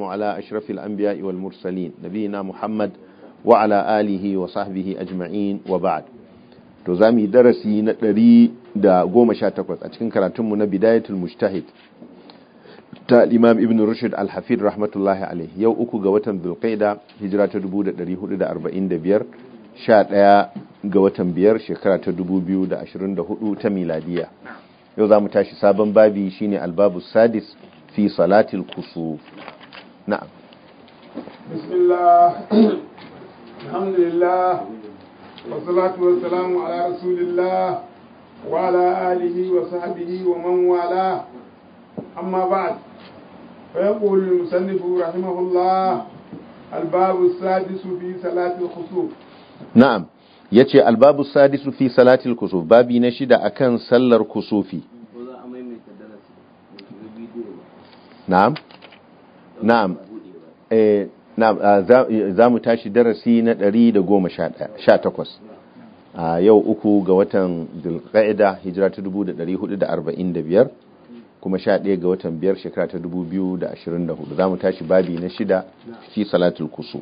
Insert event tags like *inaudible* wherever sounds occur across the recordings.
وعلى أشرف الأنبياء والمرسلين نبينا محمد وعلى آله وصحبه أجمعين وبعد تزامي درسي نتري دا قوم شاتكوز أتكن كراتم بداية المجتهد تا الإمام ابن رشد الحفيد رحمة الله عليه يو أكو قوتا ذو القيدة هجرة دبودة دريهود دا أربعين دبير شات يا قوتا بير شكرة دبو بيو دا أشرين دا هدو تميلادية يو زامتاشي سابن بابي شيني الباب السادس في صلاة الكسوف na'am bismillah alhamdulillah wasalatu wasalamu ala rasulillah wa ala alihi wa فيقول رحمه الله الباب السادس في صلاة نعم fi salatil kusuf babi na shida akan sallar kusufi na'am na'am eh za mu tashi darasi na 118 a yau uku ga watan dulqa'ida hijira ta 1445 kuma 11 ga watan biyar shekara ta 2024 za mu tashi babi na shida fi salatul kusu.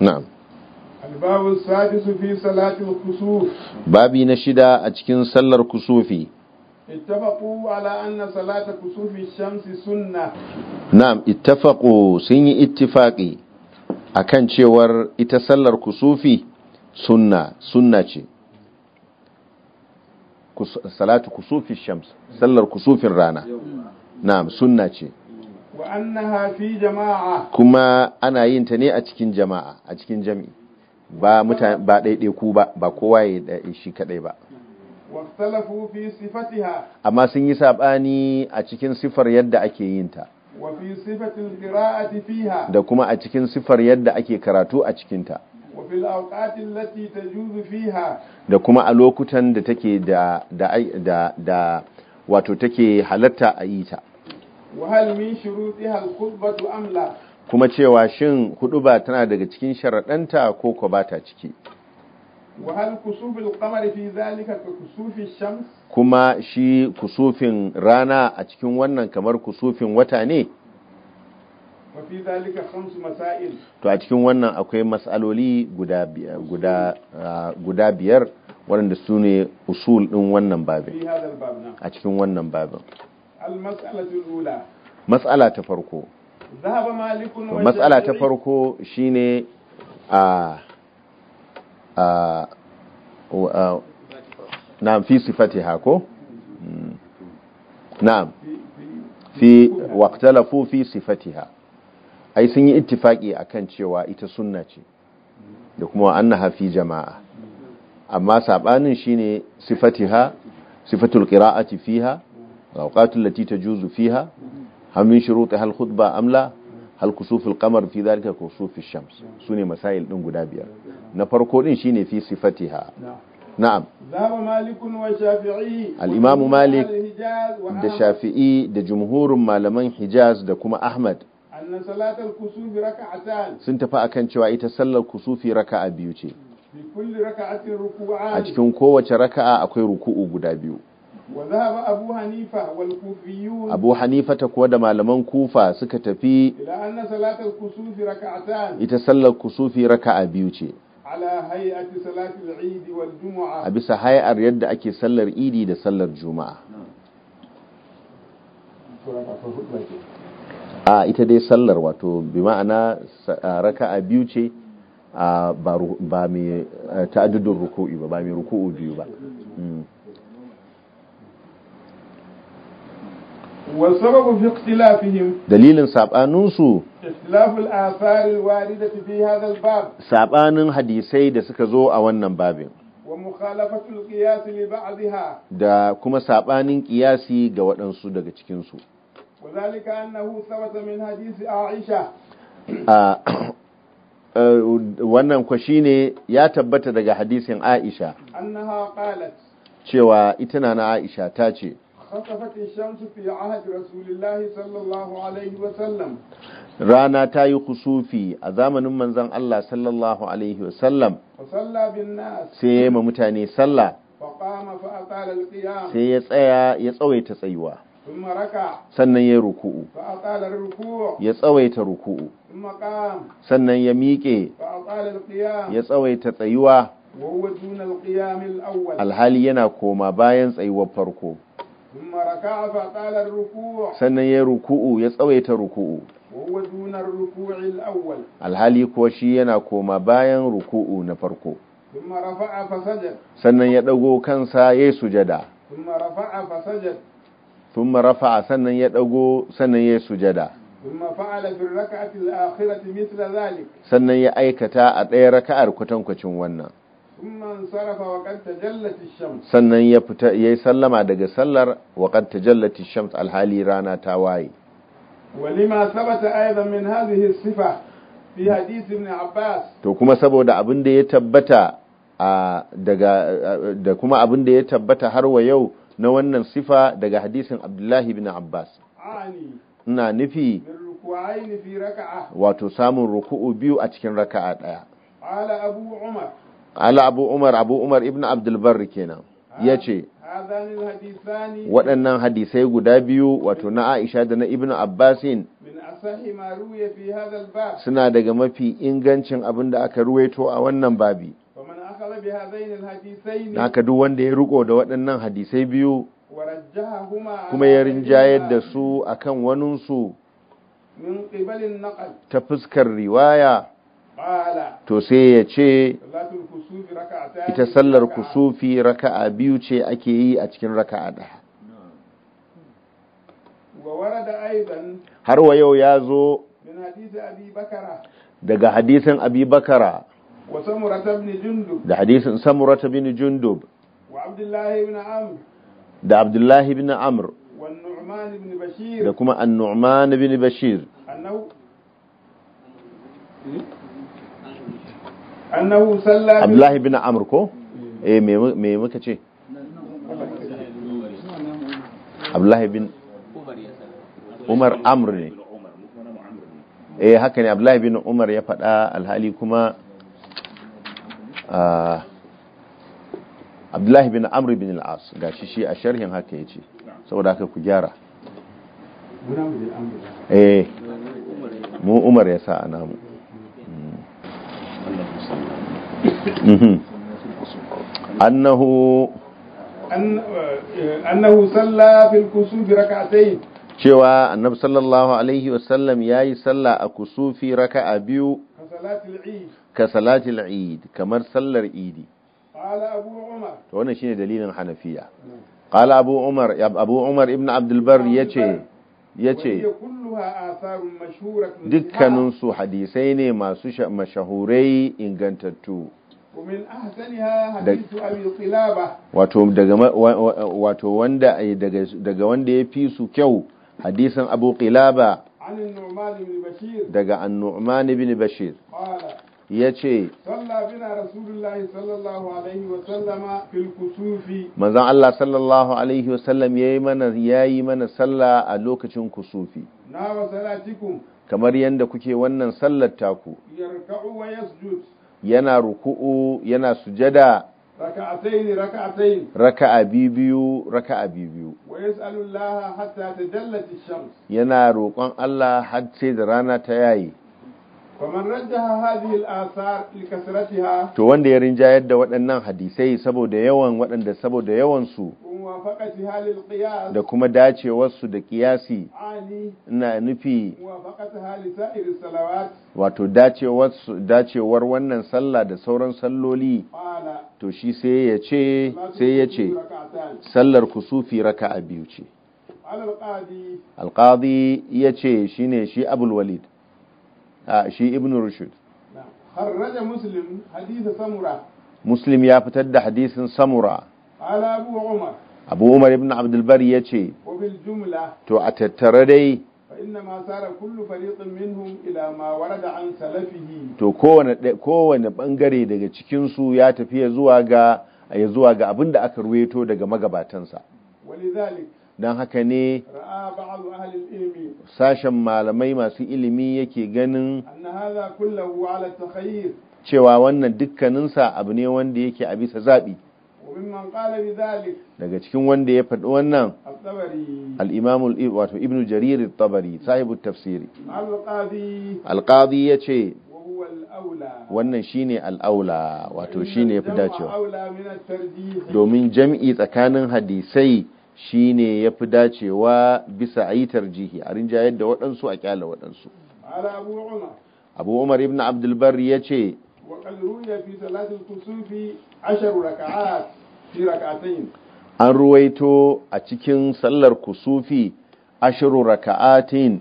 na'am albabu sadisu fi salatul kusuf babi na shida a cikin sallar kusufi ittafaqu ala anna salata kusufi shamsi sunna na'am ittafaqu sun yi ittifaqi akan cewar ita sallar kusufi sunna sunna ce salatu kusufi shams sallar kusufin rana na'am sunna ce wa annaha fi jama'a kuma ana yin ta ne a cikin jama'a a cikin jami'i ba mutane ba daidaiku ba ba kowa ya shi kadai ba واختلفوا في صفتها اما سن يسابني cikin sifar yadda ake yin ta fiha da kuma a cikin sifar yadda ake karatu a cikin ta da kuma a lokutan da take wato take halatta a yi ta kuma cewa shin huɗuba tana daga cikin sharaɗanta ko ko ba ciki kuma shi kusufin rana a cikin wannan kamar kusufin wata ne to a cikin wannan akwai matsaloli guda biyar waɗanda su ne usul ɗin wannan babin a cikin wannan babin matsala ta farko matsala ta farko shine a na fi sifatiha ko hmm. na fi fo fi ha ai sun yi a kan cewa ita sunna ce da kuma na hafi jama'a amma sabanin shine sifatiha sifatul qira'ati fiha awqatul lati tajuzu fiha hal min shurutiha al amla hal kusuf al qamar fi zarika ko sufi shams ne masail ɗin guda biyar na farko din shine fi sifatiha na'am zaba malikun wa shafi'i al-imamu malik da shafi'i da jumhurun malaman hijaz da kuma ahmad anna salatal kusufi raka'atan sun tafi akan cewa ita sallar kusufi raka'a biyu ce a cikin kowace raka'a akwai ruku'u guda biyu abu hanifa ta kuwa da malaman kufa suka tafi ita sallar kusufi raka'a biyu ce a bisa hayar yadda ake sallar idi da sallar juma'a a ita dai sallar wato bi ma'ana a biyu ce ba mai ta'adudun ruku'u ba ba mai ruku'u biyu ba hmm. fi dalilin sabanin su ikhtilaful athar sabanin hadisai da suka zo a wannan babin wa mukhalafatul qiyas da kuma saɓanin ƙiyasi ga waɗansu daga cikin su wazalika hadisi aisha eh, wannan kwa shine ya tabbata daga hadisin aisha annaha qalat cewa ita na na aisha ta ce خسفت الشمس في عهد رسول الله صلى الله عليه وسلم رانا تاي خسوفي أزامن من زن الله صلى الله عليه وسلم فصلى بالناس سيما متاني صلى فقام فأطال القيام سيسأيا يسأوي تسأيوا ثم ركع سنن يركوع فأطال الركوع يسأوي تركوع ثم قام سنن يميكي فأطال القيام يسأوي تسأيوا وهو دون القيام الأول الحالي ينا كوما باين سأيوا فركوع sannan ya ruku'u ya tsawaita ruku'u alhali kuwa shi yana koma bayan ruku'u na farko sannan ya ɗago kansa ya yi sujada marafa a sannan ya ɗago sannan ya yi sujada sannan ya aikata a ɗaya raka'ar kutankucin wannan sannan ya fita yi sallama daga sallar wa qad tajallati shams alhali rana ta waye walima sabata aidan min hadhihi sifa fi hadith ibn abbas to kuma saboda abin da ya tabbata daga da kuma abin da ya tabbata har wa yau na wannan sifa daga hadisin abdullahi ibn abbas ina nufi wato samun ruku'u biyu a cikin raka'a daya abu umar ala abu umar abu umar ibn abdulbar kenan ya ce waɗannan hadisai guda biyu wato na aisha da na ibn abbasin suna daga mafi ingancin abin da aka ruwaito a wannan babi na ka duk wanda ya riko da waɗannan hadisai biyu kuma ya rinjayar da su akan waninsu ta fuskar riwaya to sai ya ce ita sallar kusufi raka'a biyu ce ake yi a cikin raka'a ɗaya har wa yau ya zo daga hadisin abi bakara da hadisin samurata bin jundub da abdullahi bin amur da kuma annu'man bin bashir hmm? Abdullahi bin Amr ko eh me muka ce Abdullahi bin Umar Amr ne eh haka ne Abdullahi bin Umar ya faɗa alhali kuma ah, Abdullahi bin Amr bin al-As gashi shi a sharhin haka yace saboda haka ku gyara eh mu Umar ya sa a namu أنه أنه صلى في الكسوف ركعتين cewa annabi sallallahu alaihi wasallam ya yi sallah a kusufi raka a biyu ka salatil eid kamar sallar idi to wannan shine dalilin hanafiya hmm. qala abu umar abu umar ibn abdulbar ya ce yace dukkaninsu hadisai ne masu mashahurai ingantattu wato daga wato wanda daga daga wanda ya fi su kyau hadisin Abu Qilaba daga An-Nu'man ibn Bashir ya ce manzan Allah sallallahu Alaihi wasallam ya yi mana sallah a lokacin kusufi kamar yadda kuke wannan sallar taku yana ruku'u yana sujada raka'atayn raka'atayn raka'a biyu raka'a biyu wa yas'alu hatta ta ash-shams yana roƙon Allah har sai da rana ta yayi to wanda ya rinjayar da waɗannan hadisai saboda yawan waɗanda saboda yawan da kuma dacewarsu da kiyasi ina nufi wato dacewar wannan sallah da sauran salloli to shi sai ya ce sai ya ce sallar kusufi raka'a biyu ce alqadi ya ce shine shi abul walid shi ibn rushd kharraja muslim hadith samura muslim ya fitar da hadisin samura ala abu umar abu umar ibn abd albar yace wa bil jumla to a tattare dai فإنما سار كل an salafihi. to kowane kowane bangare daga cikin su ya tafi zuwa ga ya zuwa ga abinda aka ruwaito daga magabatansa walizalik don haka ne sashen malamai masu ilimi yake ganin cewa wannan dukkaninsa abu ne wanda yake a bisa zaɓi daga cikin wanda ya faɗi wannan al'imamul wato ibn jarir tabari sahibu tafsiri alƙadi ya ce wannan shine al'aula wato shine ya fi dacewa domin jam'i tsakanin hadisai shi ne ya fi dacewa bisa a yi tarjihi a rinjayar da waɗansu a ƙyala waɗansu abu umar ibn abdulbar ya ce an ruwaito a cikin sallar kusufi ashiru raka'atin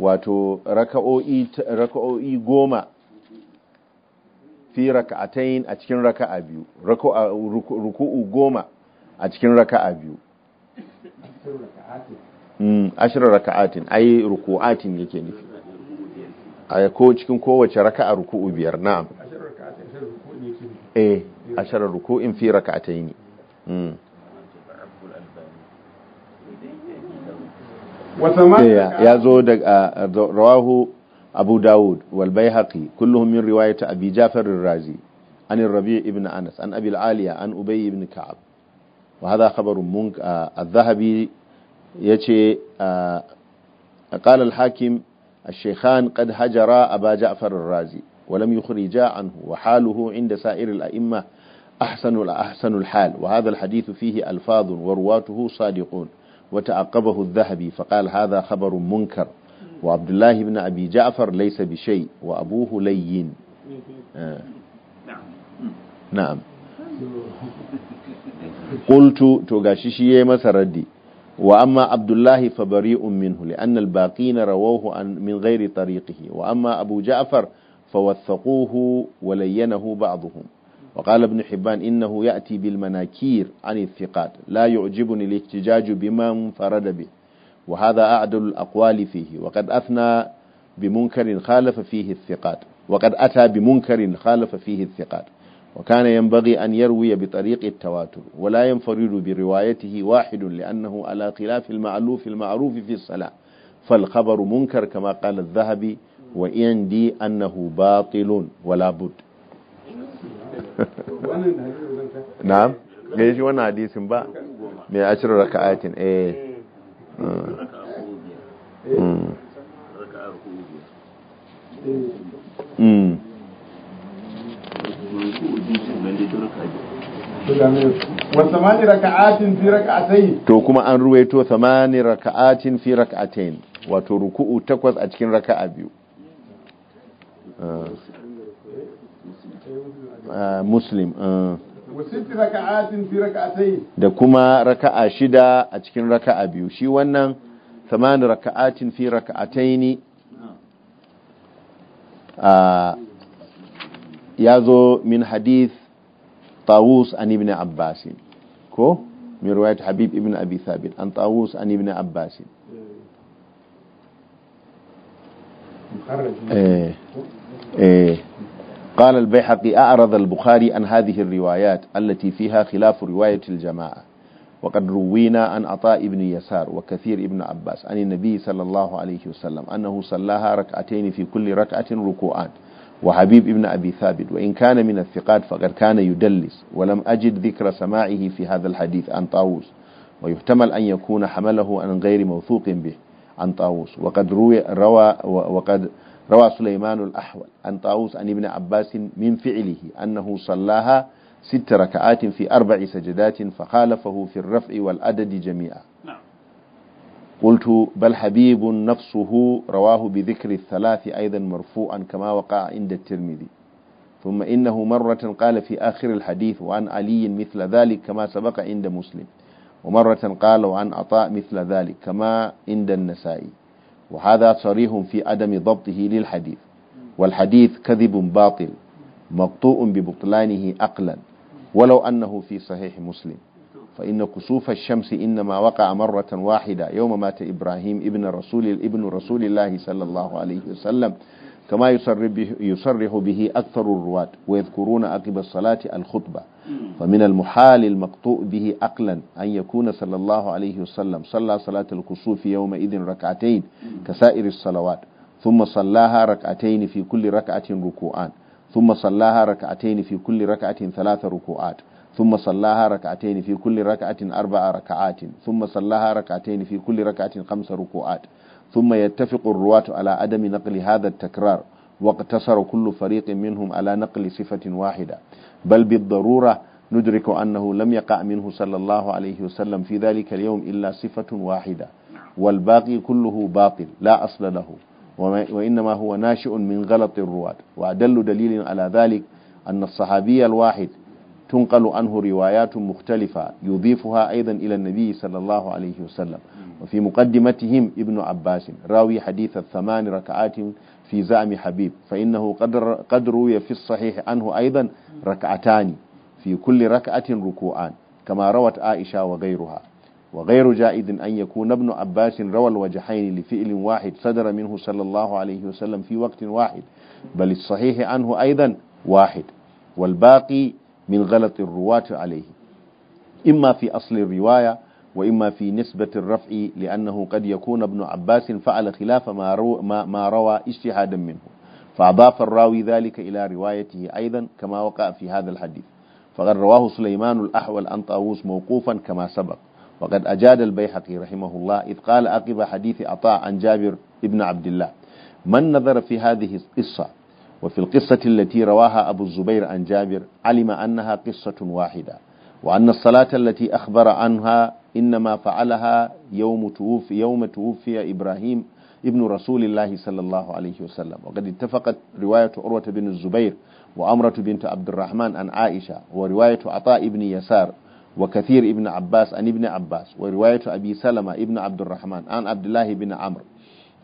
wato raka'o'i goma fi raka'atain a cikin raka'a biyu ruku'u goma a cikin raka'a biyu Hmm, ashirar raka'atin ai ruku'atin yake nufi a ko cikin kowace raka'a ruku'u biyar na. eh ashirar ruku'in fi ne hmm. eh, ya zo da rawahu abu dawud wal haƙi kullum min riwayati abi jafarin ar-razi an rabi ibn anas an abil al-aliya an ubayi ibn ka'ab وهذا خبر منك آه، الذهبي يتي آه، قال الحاكم الشيخان قد هجرا أبا جعفر الرازي ولم يخرجا عنه وحاله عند سائر الأئمة أحسن الأحسن الحال وهذا الحديث فيه ألفاظ ورواته صادقون وتعقبه الذهبي فقال هذا خبر منكر وعبد الله بن أبي جعفر ليس بشيء وأبوه لين نعم. آه. نعم, نعم. قلت to gashi shi yayi masa raddi wa amma abdullahi fa bari'un minhu li'anna al-baqina rawahu an min فوثقوه ولينه بعضهم وقال ابن حبان إنه يأتي بالمناكير عن الثقات لا يعجبني الاحتجاج بما انفرد به وهذا أعدل الأقوال فيه وقد أثنى بمنكر خالف فيه الثقات وقد أتى بمنكر خالف فيه الثقات وكان ينبغي أن يروي بطريق التواتر ولا ينفرد بروايته واحد لأنه على خلاف المألوف المعروف في الصلاة فالخبر منكر كما قال الذهبي وإندي أنه باطل ولا بد نعم ليش وانا حديث با من عشر ركعات ايه امم to kuma an ruwaito samani raka'atin fi raka'atayn wato ruku'u takwas a cikin raka'a biyu ah, ah, muslim ah. da kuma raka'a shida a cikin raka'a biyu shi wannan samani raka'atin fi raka'atayn a يازو من حديث طاووس عن ابن عباس كو من رواية حبيب ابن أبي ثابت عن طاووس عن ابن عباس إيه. إيه. قال البيحقي أعرض البخاري عن هذه الروايات التي فيها خلاف رواية الجماعة وقد روينا عن عطاء ابن يسار وكثير ابن عباس عن النبي صلى الله عليه وسلم أنه صلاها ركعتين في كل ركعة ركوعان وحبيب ابن أبي ثابت وإن كان من الثقات فقد كان يدلس ولم أجد ذكر سماعه في هذا الحديث عن طاووس ويحتمل أن يكون حمله عن غير موثوق به عن طاووس وقد روي روى وقد روى سليمان الأحول عن طاووس عن ابن عباس من فعله أنه صلاها ست ركعات في أربع سجدات فخالفه في الرفع والعدد جميعا نعم قلت بل حبيب نفسه رواه بذكر الثلاث أيضا مرفوعا كما وقع عند الترمذي ثم إنه مرة قال في آخر الحديث وعن علي مثل ذلك كما سبق عند مسلم ومرة قال وعن عطاء مثل ذلك كما عند النسائي وهذا صريح في عدم ضبطه للحديث والحديث كذب باطل مقطوع ببطلانه أقلا ولو أنه في صحيح مسلم فإن كسوف الشمس إنما وقع مرة واحدة يوم مات إبراهيم ابن رسول ابن رسول الله صلى الله عليه وسلم كما يصرح به أكثر الرواة ويذكرون عقب الصلاة الخطبة فمن المحال المقطوع به أقلا أن يكون صلى الله عليه وسلم صلى صلاة الكسوف يومئذ ركعتين كسائر الصلوات ثم صلاها ركعتين في كل ركعة ركوعان ثم صلاها ركعتين في كل ركعة ثلاث ركوعات ثم صلاها ركعتين في كل ركعة أربع ركعات ثم صلاها ركعتين في كل ركعة خمس ركوعات ثم يتفق الرواة على عدم نقل هذا التكرار واقتصر كل فريق منهم على نقل صفة واحدة بل بالضرورة ندرك أنه لم يقع منه صلى الله عليه وسلم في ذلك اليوم إلا صفة واحدة والباقي كله باطل لا أصل له وإنما هو ناشئ من غلط الرواة وأدل دليل على ذلك أن الصحابي الواحد تنقل عنه روايات مختلفة يضيفها أيضا إلى النبي صلى الله عليه وسلم وفي مقدمتهم ابن عباس راوي حديث الثمان ركعات في زعم حبيب فإنه قد, قد روي في الصحيح عنه أيضا ركعتان في كل ركعة ركوعان كما روت عائشة وغيرها وغير جائد أن يكون ابن عباس روى الوجحين لفئل واحد صدر منه صلى الله عليه وسلم في وقت واحد بل الصحيح عنه أيضا واحد والباقي من غلط الرواة عليه إما في أصل الرواية وإما في نسبة الرفع لأنه قد يكون ابن عباس فعل خلاف ما, رو ما, ما روى اجتهادا منه فأضاف الراوي ذلك إلى روايته أيضا كما وقع في هذا الحديث فقد رواه سليمان الأحول عن طاووس موقوفا كما سبق وقد أجاد البيحقي رحمه الله إذ قال أقب حديث عطاء عن جابر ابن عبد الله من نظر في هذه القصة وفي القصة التي رواها أبو الزبير عن جابر علم أنها قصة واحدة وأن الصلاة التي أخبر عنها إنما فعلها يوم توفي, يوم توفي إبراهيم ابن رسول الله صلى الله عليه وسلم وقد اتفقت رواية عروة بن الزبير وأمرة بنت عبد الرحمن عن عائشة ورواية عطاء بن يسار وكثير ابن عباس عن ابن عباس ورواية أبي سلمة ابن عبد الرحمن عن عبد الله بن عمرو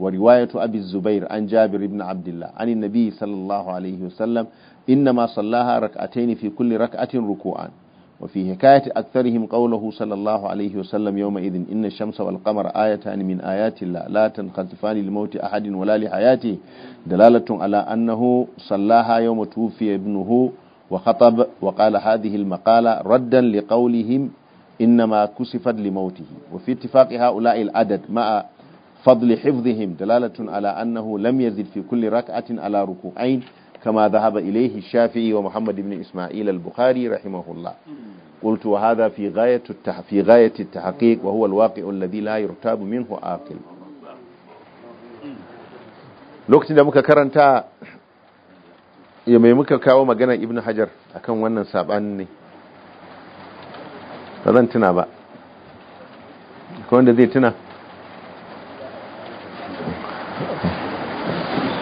ورواية أبي الزبير عن جابر بن عبد الله عن النبي صلى الله عليه وسلم إنما صلاها ركعتين في كل ركعة ركوعا وفي حكاية أكثرهم قوله صلى الله عليه وسلم يومئذ إن الشمس والقمر آيتان من آيات الله لا تنخسفان لموت أحد ولا لحياته دلالة على أنه صلاها يوم توفي ابنه وخطب وقال هذه المقالة ردا لقولهم إنما كسفت لموته وفي اتفاق هؤلاء العدد مع فضل حفظهم دلالة على أنه لم يزد في كل ركعة على ركوعين كما ذهب إليه الشافعي ومحمد بن إسماعيل البخاري رحمه الله قلت وهذا في غاية التح... في غاية التحقيق وهو الواقع الذي لا يرتاب منه عاقل lokacin da muka karanta ya mai muka kawo magana ibn hajar akan wannan saɓani ne ba zan tuna ba wanda zai tuna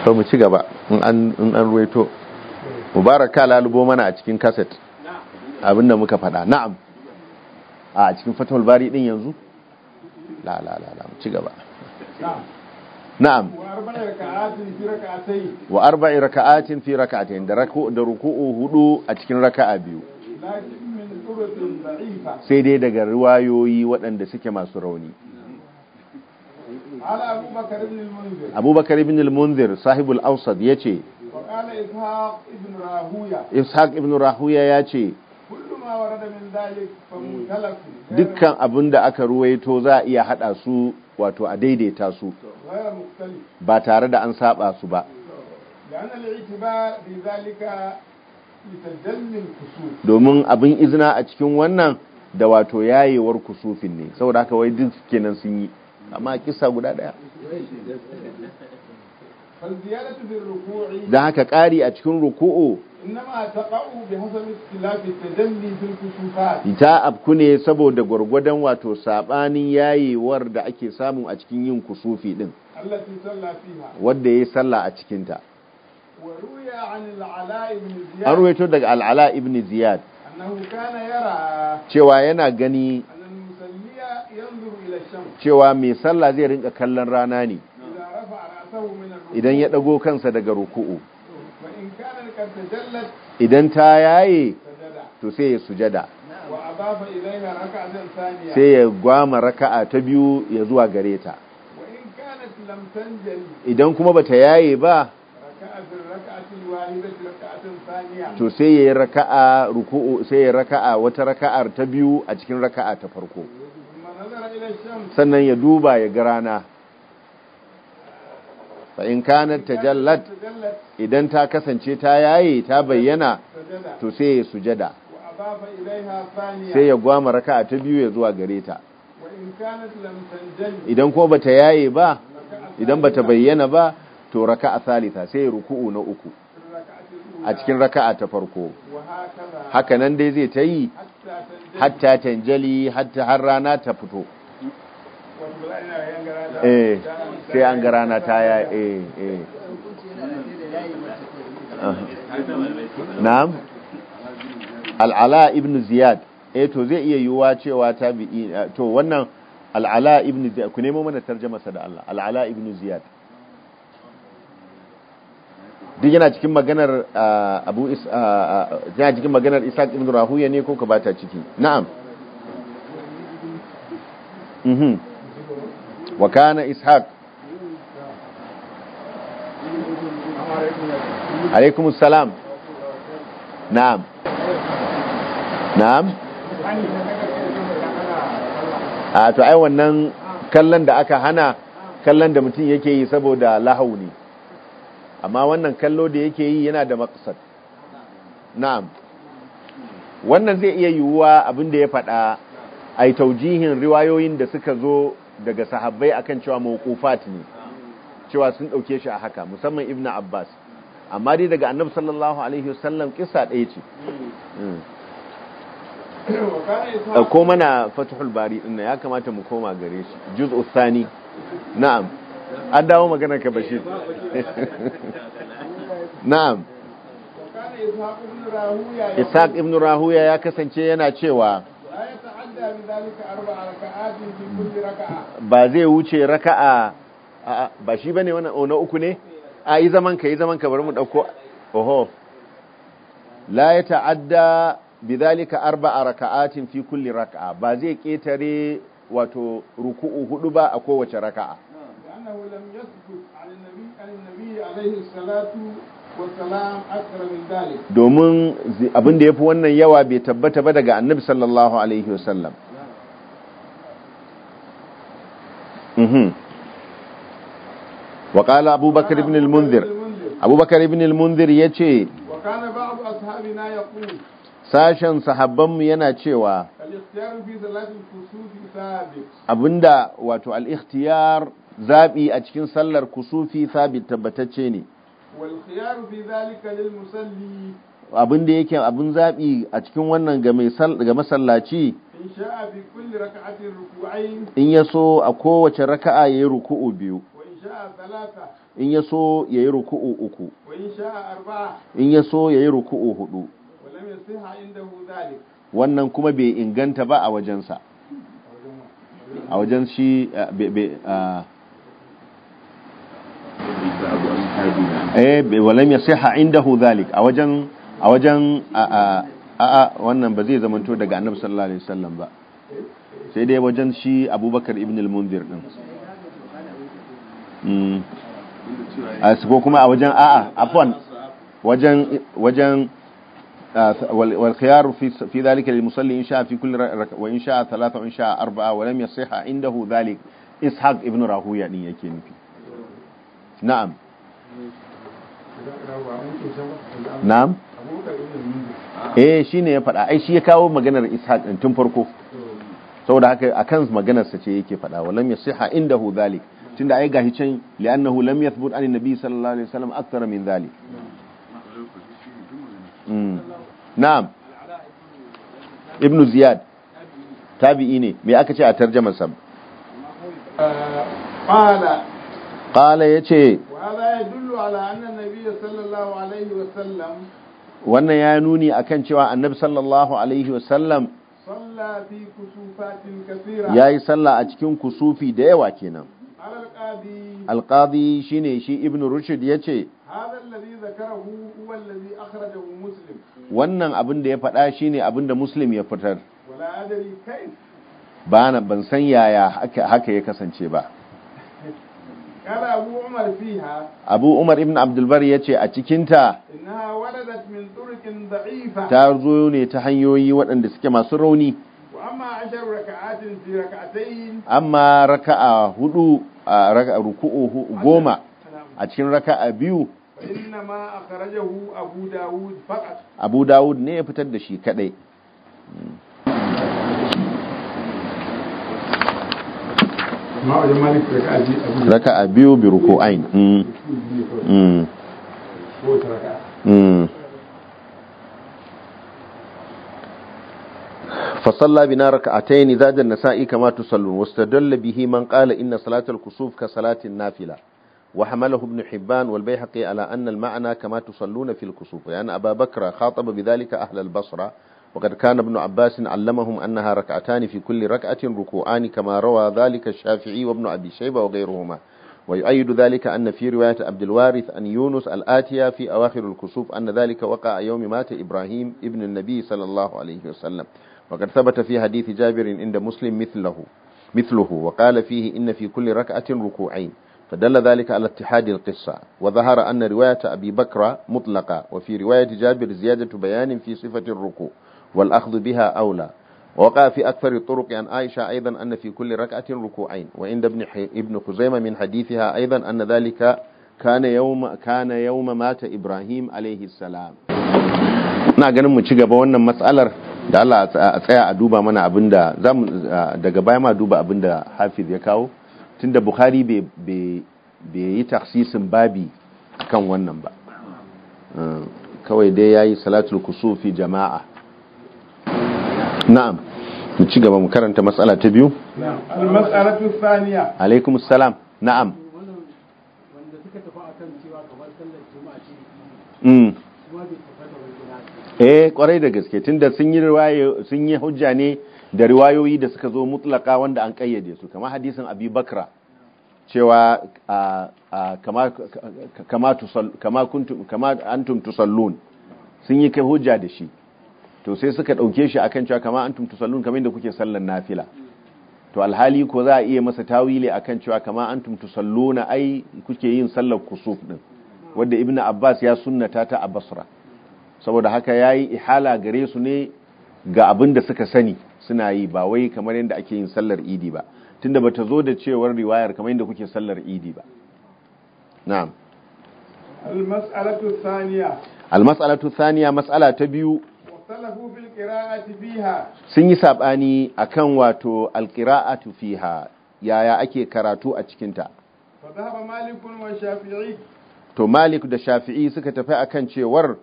to mu ci gaba in an ruwaito mubarak ka lalubo mana a cikin kaset abinda muka faɗa na'am a cikin fatawar bari din yanzu la la la la mu ci gaba na'am wa arba'i raka'atin fi raka'atayn da da ruku'u hudu a cikin raka'a biyu sai dai daga riwayoyi waɗanda suke masu rauni abubakar ibn al-munzir sahibul awsad ya ce ishaq ibn rahuya ya ce dukkan abin da aka ruwaito za a iya hada su wato a daidaita su ba tare da an saba su ba domin abin izina a cikin wannan da wato yayewar kusufin ne saboda haka wai duk kenan sun yi amma kisa guda daya da haka ƙari a cikin ruku'u ta afku ne saboda gwargwadon wato sabanin yayewar da ake samu a cikin yin kusufi din wadda ya yi sallah a cikinta an ruwaito daga al'ala ibn ziyad cewa yana gani cewa mai sallah zai rinka kallon rana ne idan ya dago kansa daga ruku'u idan ta yaye to sai ya sujada sai ya gwama raka'a ta biyu ya zuwa gare ta idan kuma bata yaye ba to sai ya yi raka'a ruku'u raka'a wata raka'ar ta biyu a cikin raka'a ta farko sannan ya duba ya ga rana fa in kanat tajallat idan ta kasance ta yaye ta bayyana to sai ya sujada sai ya gwama raka'a ta biyu ya zuwa gare ta idan ko bata yaye ba idan bata bayyana ba to raka'a salisa sai ruku'u na uku a cikin raka'a ta farko haka nan dai zai ta yi hatta tanjali hatta har rana ta fito eh sai an ga rana ta ya eh eh na'am al'ala ibn ziyad eh to zai iya yiwuwa cewa tabi'i eh, to wannan al'ala ibn ziyad ku nemo mana masa da Allah al'ala ibn ziyad duk yana cikin maganar ah, abu ah, ah, yana cikin maganar isa ibn rahuya ne ko ka bata ciki na'am mhm wa kana ishaq alaikum salam na'am a to ai wannan kallon da aka hana kallon da mutum yake yi saboda lahauni ne amma wannan kallo da yake yi yana da maksad na'am wannan zai iya yiwuwa abin da ya faɗa ai taujihin riwayoyin da suka zo daga sahabbai akan cewa mawqufat ne cewa sun dauke shi a haka musamman ibnu abbas amma dai daga annabi sallallahu alaihi wasallam kissa daya ce hmm. ko mana fathul bari din ya kamata mu koma gare shi juz'u thani na'am an dawo magana ka bashir *laughs* na'am Isaq ibn rahuya ya kasance yana cewa ba zai wuce raka'a ba shi bane wannan oh, na uku ne a yi zaman ka yi zaman ka bari mu ɗauko oho la ya ta'adda bidhalika arba'a raka'atin fi kulli raka'a ba zai ketare wato ruku'u hudu ba a kowace raka'a annahu lam yasbut 'ala an-nabi alayhi salatu domin abin da ya fi wannan yawa bai tabbata ba daga annabi sallallahu alaihi wasallam waƙala abubakar ibn al المنذر abubakar ibn al المنذر ya ce sashen sahabbanmu yana cewa abinda wato al-ikhtiyar zaɓi a cikin sallar kusufi sabit tabbatacce ne abin da yake abin zaɓi a cikin wannan ga masallaci in ya so a kowace raka'a ya yi ruku'u biyu in ya so ya yi ruku'u uku in ya so ya yi ruku'u hudu wannan kuma bai inganta ba a wajensa a wajen shi eh walam yasiha indahu dhalik a wajen a wajen a a wannan ba zai zama to daga annabi sallallahu alaihi wasallam ba sai dai wajen shi abubakar ibn al-munzir din hmm. a ko kuma a wajen a a afwan wajen wajen fi والخيار في في ذلك للمصلي ان شاء في كل وان شاء ثلاثه وان شاء اربعه ولم يصح عنده ذلك اسحاق ابن راهويه ne yake nufi na'am na'am eh shine ya faɗa ai shi ya kawo maganar ishaq din tun farko saboda haka akan maganar sa ce yake faɗa walam yasiha indahu zalik tunda ai gashi can li'annahu lam yathbut an nabi sallallahu alaihi wasallam akthar min dhalik mm. na'am ibn ziyad tabi'i ne me aka ce a tarjumar sa qala qala yace wannan ya nuni akan cewa annabi sallallahu alaihi wasallam ya yi sallah a cikin kusufi da yawa kenan alƙadi shi ne shi ibn rushd ya ce wannan abin da ya faɗa shi ne abin da muslim ya fitar ba na ban san yaya haka ya kasance ba abu umar ibn abdulbar ya ce a cikinta ta zo ne ta hanyoyi waɗanda suke masu rauni amma raka'a hudu a ruku'u goma a cikin a biyu abu dawud ne ya fitar da shi kaɗai. raka'a أمم أمم أمم فصلى بنا ركعتين زاد النسائي كما تصلون واستدل به من قال إن صلاة الكسوف كصلاة النافلة وحمله ابن حبان والبيحقي على أن المعنى كما تصلون في الكسوف لأن يعني أبا بكر خاطب بذلك أهل البصرة وقد كان ابن عباس علمهم أنها ركعتان في كل ركعة ركوعان كما روى ذلك الشافعي وابن أبي شيبة وغيرهما ويؤيد ذلك أن في رواية عبد الوارث أن يونس الآتية في أواخر الكسوف أن ذلك وقع يوم مات إبراهيم ابن النبي صلى الله عليه وسلم وقد ثبت في حديث جابر عند مسلم مثله مثله وقال فيه إن في كل ركعة ركوعين فدل ذلك على اتحاد القصة وظهر أن رواية أبي بكر مطلقة وفي رواية جابر زيادة بيان في صفة الركوع والأخذ بها أولى ووقع في أكثر الطرق عن عائشة أيضا أن في كل ركعة ركوعين وعند ابن ابن خزيمة من حديثها أيضا أن ذلك كان يوم كان يوم مات إبراهيم عليه السلام ganin mu ci gaba wannan matsalar da Allah a tsaya a duba mana abinda daga baya ma duba abinda Hafiz ya kawo tunda Bukhari bai yi taksisin babi kan wannan ba eh, kawai dai yi salatul kusufi jama'a na'am mu ci gaba mu karanta matsala ta biyu na'am na'am mm. eh kwarai da gaske tunda sun yi riwayo sun yi hujja ne da riwayoyi da suka zo mutlaka wanda an kayyade su kamar hadisin Abi Bakra cewa kama kama kama antum tusallun sun yi kai hujja da shi to sai suka ɗauke shi akan cewa kama antum tusallun kamar yadda kuke sallan nafila to alhali ko za a iya masa tawili akan cewa kama antum tusalluna ai kuke yin sallar kusuf din wanda ibnu abbas ya sunnata ta a basra saboda haka yayi ihala gare su ne ga abin da suka sani suna yi ba wai kamar yadda ake yin sallar idi ba tunda bata zo da cewar riwayar kamar yadda kuke sallar idi ba na'am al-mas'alatu thaniya al-mas'alatu thaniya mas'ala ta biyu sun yi saɓani a kan wato alƙira'atu fiha yaya ake karatu a cikinta to malik da shafi'i suka tafi a kan cewar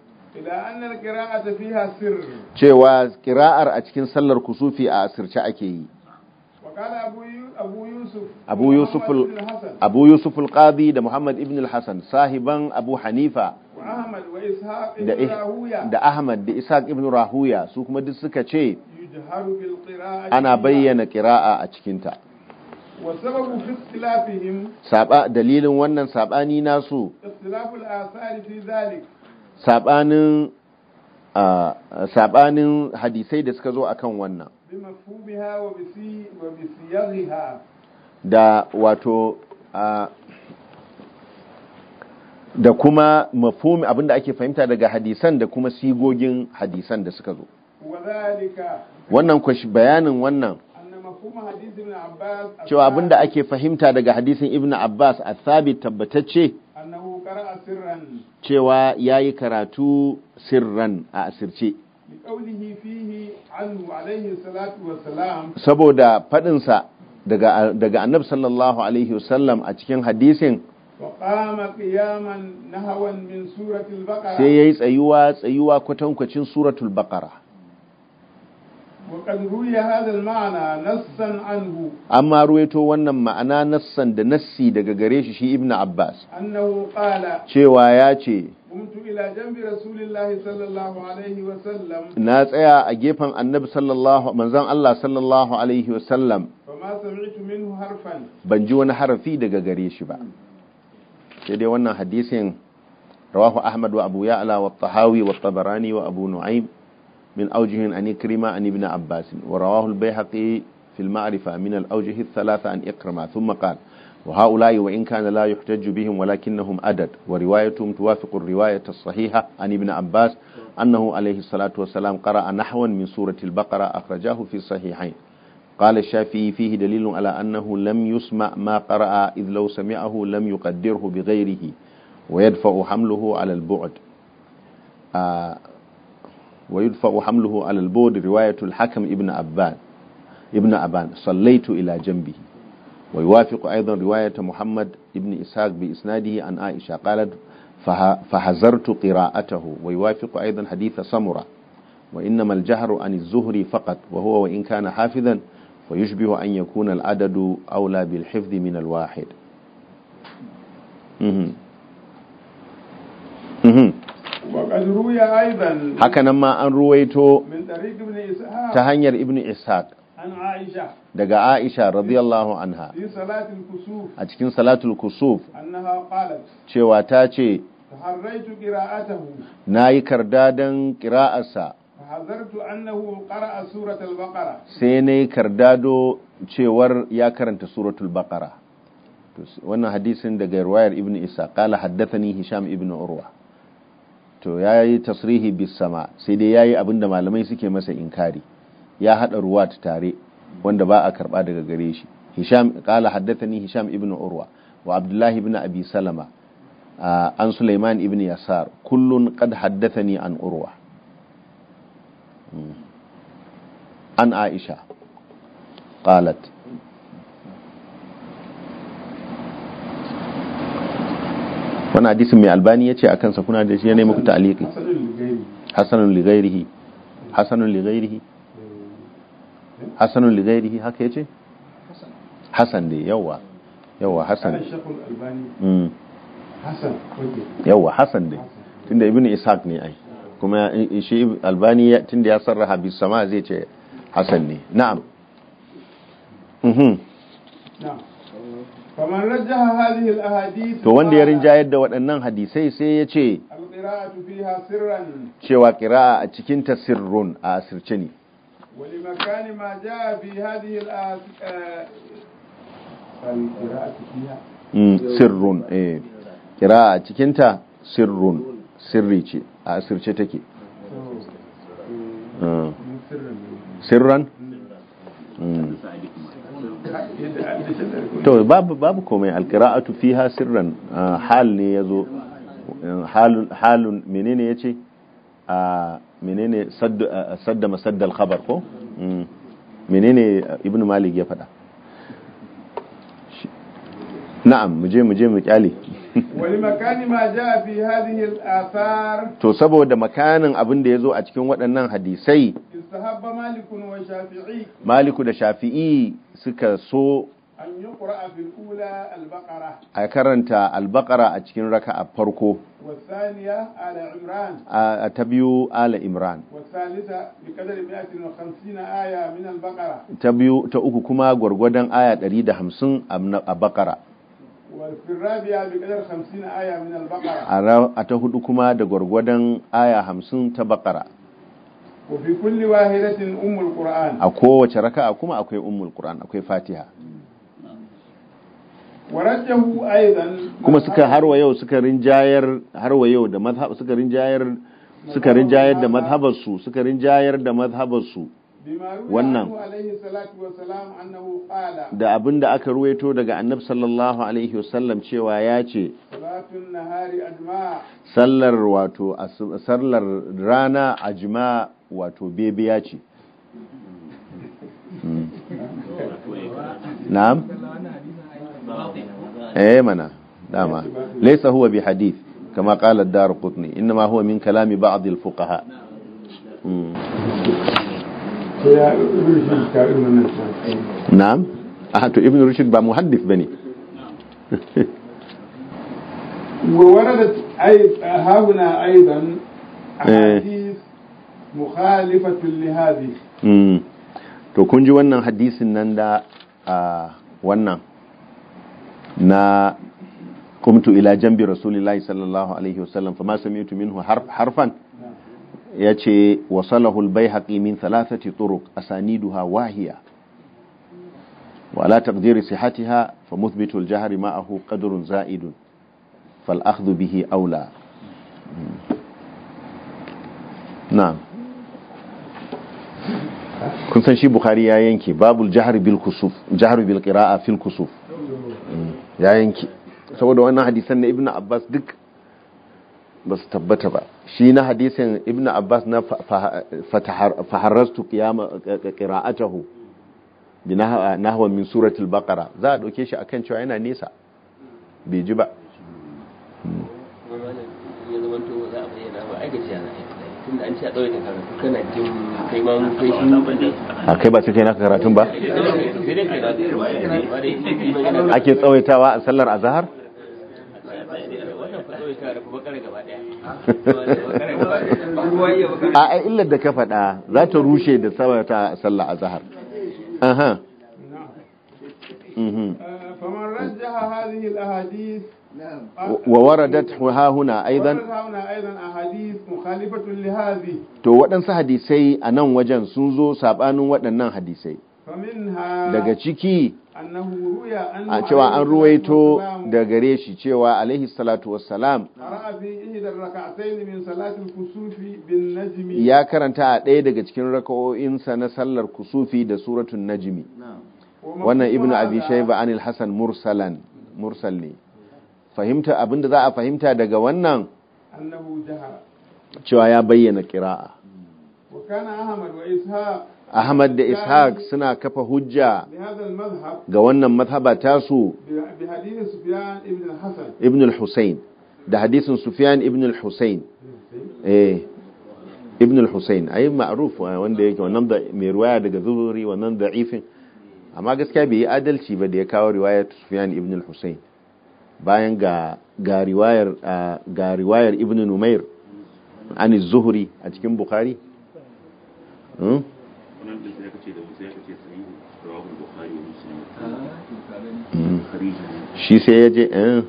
cewa ƙira'ar a cikin sallar kusufi a asirce ake yi abu yusuf al-qadi da muhammad ibn al-hassan sahiban abu hanifa da Ahmad da Isaac ibn Rahuya su kuma duk suka ce ana bayyana qira'a a cikinta saba dalilin wannan sabani nasu sabanin sabanin hadisai da suka zo akan wannan da wato da kuma mafumi abinda ake fahimta daga hadisan da kuma sigogin hadisan da suka zo wannan kwashi bayanin wannan cewa abinda ake fahimta daga hadisin ibn abbas a sabit tabbatacce cewa ya yi karatu sirran a asirce saboda faɗinsa daga annab sallallahu alaihi wasallam a cikin hadisin sai ya yi tsayuwa tsayuwa kwatankwacin suratul baqara amma ruwaito wannan ma'ana nassan da nassi daga gare shi shi ibn abbas cewa ya ce na tsaya a gefen annabi sallallahu manzan Allah sallallahu alaihi wasallam ban ji wani harafi daga gare shi ba sai dai wannan hadisin rawahu ahmad wa abu ya'la wa tahawi wa tabarani wa abu nu'aym min awjihin an ikrima an ibn abbas wa rawahu al-baihaqi fi al-ma'rifa min al-awjih ath-thalatha an ikrima thumma qala wa ha'ula'i wa in kana la yuhtaj bihim walakinnahum adad wa riwayatuhum tuwafiqu ar-riwayat as-sahiha an ibn abbas annahu alayhi salatu wa salam qara'a nahwan min surati al-baqara akhrajahu fi sahihayn قال الشافعي فيه دليل على أنه لم يسمع ما قرأ إذ لو سمعه لم يقدره بغيره ويدفع حمله على البعد آه ويدفع حمله على البعد رواية الحكم ابن أبان ابن أبان صليت إلى جنبه ويوافق أيضا رواية محمد ابن إسحاق بإسناده عن عائشة قالت فحذرت قراءته ويوافق أيضا حديث سمرة وإنما الجهر عن الزهري فقط وهو وإن كان حافظا wa yushbihu an adadu aula bil hifdhi wahid mhm. mhm. hakanan ma an ruwaito ta hanyar ibn ishaq daga aisha radiyallahu anha a cikin salatul kusuf cewa ta ce na yi kardadan kira'arsa hazartu annahu qara'a suratul baqara sai ne kardado cewar ya karanta suratul baqara wannan hadisin daga riwayar ibnu isa qala haddathani hisham ibnu urwa to yayi tasrihi bis sama sai dai yayi abinda malamai suke masa inkari ya hada ruwat tare wanda ba a karba daga gare shi hisham qala haddathani hisham ibnu urwa wa abdullah ibnu abi salama an suleiman ibnu yasar kullun qad haddathani an urwa an aisha qalat wani hadisin mai albani ya ce a kansa kuna da shi ya nemi kuta aliki hasanun ligairihi hasanun ligairihi hasanun ligairihi haka ya ce hasan ne yawa yawa hasan yawa hasan ne tunda ibn ishaq ne ai kuma shi albani tunda ya sarraha bis sama zai ce hasan ne na'am mhm. to wanda ya rinjayar da waɗannan hadisai sai ya ce cewa ƙira'a a cikin tasirrun a asirce ne eh, mm, sirrun ƙira'a eh. a cikinta sirrun sirri ce a asirce take hmm. ah. sirran hmm. to babu babu komai alqira'atu ha sirran ah, hal ne yazo halun halun menene ce a ah, menene sadda masadda al-khabar ko hmm. menene ibn malik ya fada na'am muje muje mu kyale Wani makani ma ja to saboda makanin abin da ya zo a cikin waɗannan hadisai maliku da shafi'i suka so An a karanta albaƙara a cikin raka a farko a ta ala imran ta biyu ta uku kuma gwargwadon aya 150 a bakara a ta hudu kuma da gwargwadon aya hamsin ta bakara a kowace raka'a kuma akwai ummul qur'an akwai fatiha kuma suka harwa yau yau da mazhab da suka rinjayar da mazhabarsu wannan da abin da aka ruwaito daga annab sallallahu alaihi wasallam cewa ya ce sallar wato sallar rana a jima wato ya ce hmm. na'am eh mana dama laysa huwa bi hadith kama qala ad-darqutni inma huwa min kalami ba'd al-fuqaha hmm. na'am a to ibn rushd ba muhaddif bane هنا أيضا أحاديث مخالفة لهذه to kun ji wannan hadisin nan da wannan na kumtu ila jambi rasulillahi sallallahu alaihi wasallam fa ma sami'tu minhu harfan ya ce wasalahul bai haƙi min thalathati turuk asaniduha wahiya wa ala taqdiri sihatiha fa muthbitul jahri ma'ahu qadrun za'idun fal akhdhu bihi aula hmm. na kun san shi bukhari ya yanke babul jihar bil kusuf jahr bil qira'a fil kusuf hmm. ya yanke saboda wannan hadisan na ibnu abbas duk ba su tabbata ba shi na hadisin ibn abbas na faharrastu qira'atahu na nahwa min suratul baqara za a dauke shi akan cewa yana nesa bai ji ba hmm. a kai ba su kai naka karatun ba ake tsawaitawa a sallar zahar? a a illar da ka faɗa za ta rushe da sama ta sallah a zahar aha فمن رجح هذه الاحاديث ووردت ها هنا waɗansu hadisai a nan wajen sun zo saɓanin waɗannan hadisai daga ciki a cewa an ruwaito da gare shi cewa alaihi salatu wassalam ya karanta a ɗaya daga cikin raka'o'insa na sallar kusufi da suratun najmi wannan Ibn abi shayba anil hasan mursalan mursal ne fahimta abinda za a fahimta daga wannan cewa ya bayyana kira'a wa kana ahmad wa ishaq Ahmad da Ishaq suna kafa hujja ga wannan mazhaba tasu Ibn al-Husayn da hadisin Sufyan Ibn al-Husayn eh Ibn al-Husayn ai ma'ruf eh, wanda yake wannan da mai riwaya daga Zuhri wannan da'ifin amma gaskiya bai yi adalci ba da ya kawo riwayar Sufyan Ibn al-Husayn bayan ga ga riwayar eh, ga riwayar Ibn Numair an zuhri a cikin Bukhari hmm? wannan da sai ah, mm, shi sai ya je eh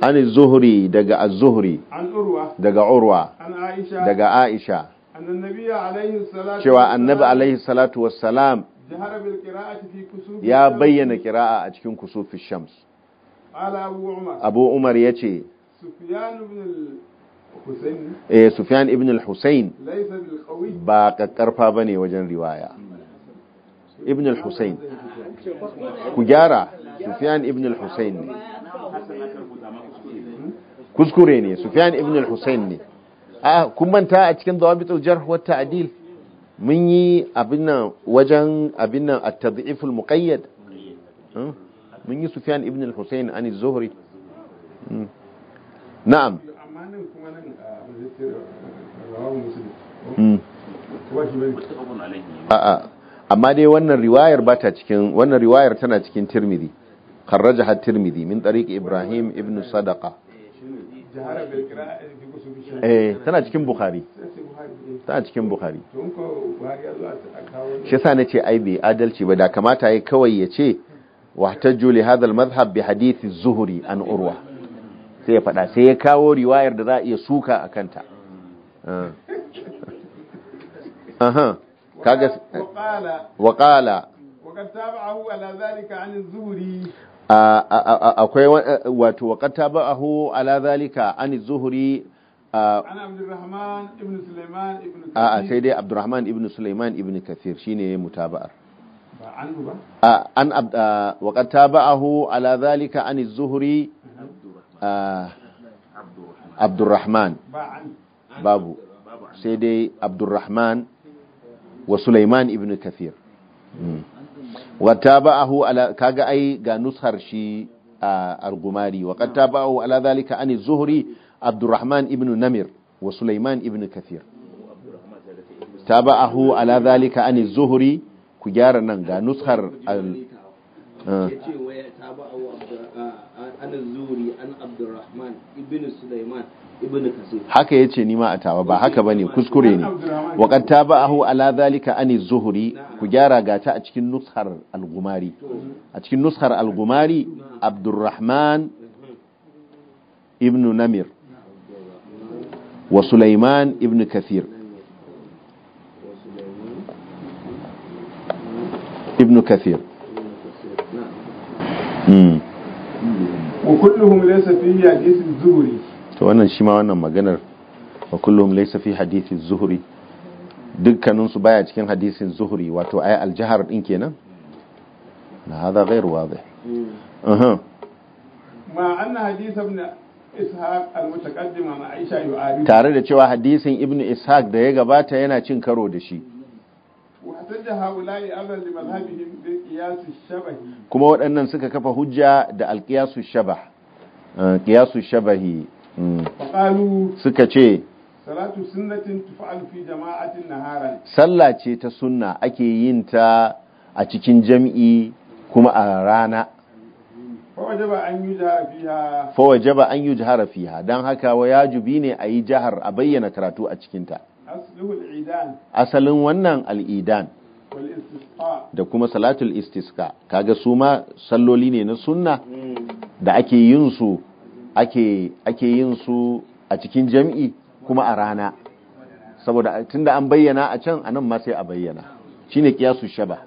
an zuhri daga az daga urwa daga aisha cewa annabi alaihi salatu wassalam ya bayyana kira'a a cikin kusufi shams abu umar ya ce eh Sufyan ibn al-Husayn ba kakkarfa bane wajen riwaya ibn al-Husayn ku gyara Sufyan ibn al-Husayn ne kuskure ne Sufyan ibn al-Husayn ne a kun manta a cikin dawabitul jarh wa ta'dil mun yi abin nan wajen abin nan at-tad'if al-muqayyad mun yi Sufyan ibn al-Husayn an az-Zuhri hmm. na'am Hmm. amma dai wannan riwayar bata cikin wannan riwayar tana cikin tirmidhi kharrajaha tirmidhi min tariq ibrahim ibn sadaqa eh tana cikin bukhari tana cikin bukhari shi yasa nace ai bai adalci ba da kamata yayi kawai yace wa li hadha al-madhhab bi hadith az-zuhri an urwa sai ya faɗa sai ya kawo riwayar da za a iya suka a kanta *laughs* waƙala akwai wato waƙata ba a hu ala zalika an zuhuri a sai dai abdurrahman ibn suleiman ibn kathir shi ne mutaba'ar an waƙata ba a hu ala zalika an zuhuri Ah. abdurrahman babu sai dai abdurrahman wa sulaiman ibn kathir hmm. wata ba'ahu ala kaga ai ga nushar shi a argumari wa qad taba'ahu ala zalika ani zuhri abdurrahman ibn namir wa sulaiman ibn kathir taba'ahu ala zalika ani zuhri ku gyara nan ga nushar al ah. تابعه الزوري عبد الرحمن ابن سليمان ابن كثير haka yace ni ma a tawa ba haka bane kuskure ne wa qad tabahu ala zalika an az-zuhri ku gyara gata a cikin nushar al-gumari a cikin al ibn Namir wa Sulaiman ibn kasir wa to wannan shi ma wannan maganar wa kullum laysa fi hadith az-zuhri dukkanin su baya cikin hadisin zuhri wato ay al-jahar din kenan na hada ghairu wadih hmm. aha ma anna hadith ibn tare da cewa hadisin Ibn ishaq da ya gabata yana cin karo da shi kuma waɗannan suka kafa hujja da alƙiyasu shabah ƙiyasu shabahi suka ce salatu sunnatin tufa'al fi jama'atin naharan sallah ce ta sunna ake yin ta a cikin jam'i kuma a rana fawajaba an yi jihar fiha don haka wa yajubi ne a yi jihar a bayyana karatu a cikinta asalin wannan al'idan da kuma salatul istiska kaga su ma salloli ne na sunna da ake yin su ake yin su a cikin jam'i kuma a rana saboda tunda an bayyana a can anan ma sai a bayyana shine kiyasu shaba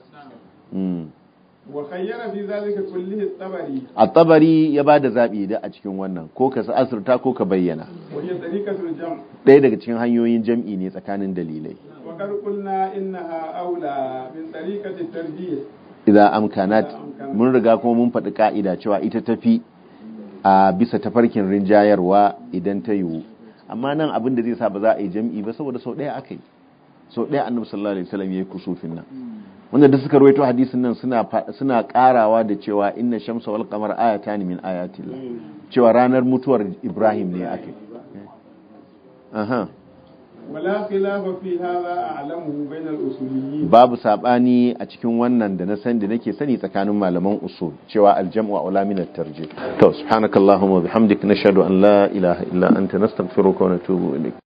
hmm. a tabari ya ba da zaɓi da a cikin wannan ko ka sa asirta ko ka bayyana ɗaya daga cikin hanyoyin jam'i ne tsakanin dalilai idan amkanat mun riga kuma mun faɗi ƙa'ida cewa ita tafi a bisa tafarkin rinjayarwa idan ta yiwu amma nan abin da zai sa ba za a yi jam'i ba saboda sau ɗaya aka yi sau ɗaya annabi sallallahu alaihi wasallam yayi kusufin nan wanda duk suka rawaito hadisin nan suna suna karawa da cewa inna shamsa wal qamar ayatan min ayatillah cewa ranar mutuwar Ibrahim ne ake aha wala khilafa fi hadha a'lamu bain al-usuliyyin babu sabani a cikin wannan da na san da nake sani tsakanin malaman usul cewa al-jam'u ulama min at-tarjih to subhanakallahumma bihamdika nashhadu an la ilaha illa anta nastaghfiruka wa natubu ilayk